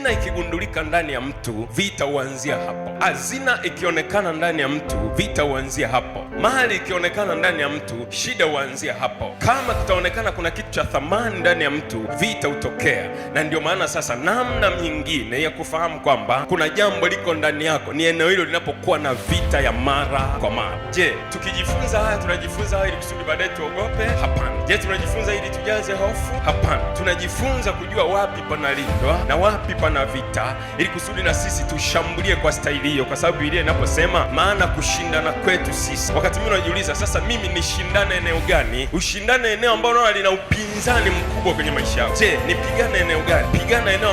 hazina ikigundulika ndani ya mtu, vita huanzia hapo. Hazina ikionekana ndani ya mtu, vita huanzia hapo. Mali ikionekana ndani ya mtu, shida huanzia hapo. Kama tutaonekana kuna kitu cha thamani ndani ya mtu, vita hutokea. Na ndio maana sasa, namna nyingine ya kufahamu kwamba kuna jambo liko ndani yako ni eneo hilo linapokuwa na vita ya mara kwa mara. Je, tukijifunza haya, tunajifunza haya ili kusudi baadaye tuogope? Hapana. Je, tunajifunza ili tujaze hofu? Hapana. Tunajifunza kujua wapi panalindwa na wapi pana vita, ili kusudi na sisi tushambulie kwa staili hiyo, kwa sababu Biblia inaposema maana kushindana kwetu sisi wakati mwingine unajiuliza, sasa mimi nishindane eneo gani? Ushindane eneo ambalo unaona lina upinzani mkubwa kwenye maisha yako. Je, nipigane eneo gani? Pigana eneo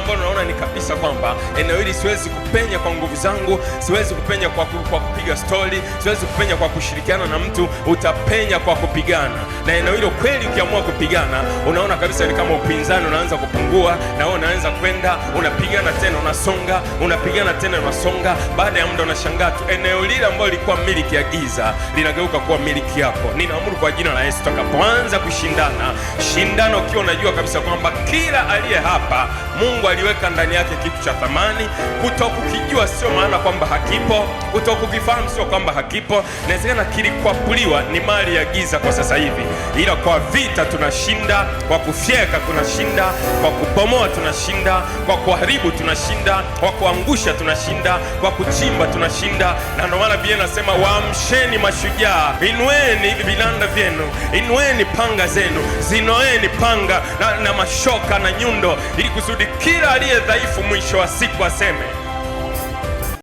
kwamba eneo hili siwezi kupenya kwa nguvu zangu, siwezi kupenya kwa, ku, kwa kupiga stori, siwezi kupenya kwa kushirikiana na mtu. Utapenya kwa kupigana na eneo hilo. Kweli ukiamua kupigana, unaona kabisa ni kama upinzani unaanza kupungua, na wewe unaanza kwenda, unapigana tena, unasonga, unapigana tena, unasonga. Baada ya muda unashangaa tu eneo lile ambalo lilikuwa miliki ya giza linageuka kuwa miliki yako. Ninaamuru kwa jina la Yesu, tutakapoanza kushindana, shindano, ukiwa unajua kabisa kwamba kila aliye hapa Mungu aliweka ndani yake kitu cha thamani. Kutokukijua sio maana kwamba hakipo, kutokukifahamu sio kwamba hakipo. Inawezekana kilikwapuliwa, ni mali ya giza kwa sasa hivi, ila kwa vita tunashinda, kwa kufyeka tunashinda, kwa kubomoa tunashinda, kwa kuharibu tunashinda, kwa kuangusha tunashinda, kwa kuchimba tunashinda. Na ndio maana Biblia inasema waamsheni mashujaa, inueni hivi vilanda vyenu, inueni panga zenu, zinoeni panga na, na mashoka na nyundo, ili kusudi kila aliye dhaifu mwisho wa siku aseme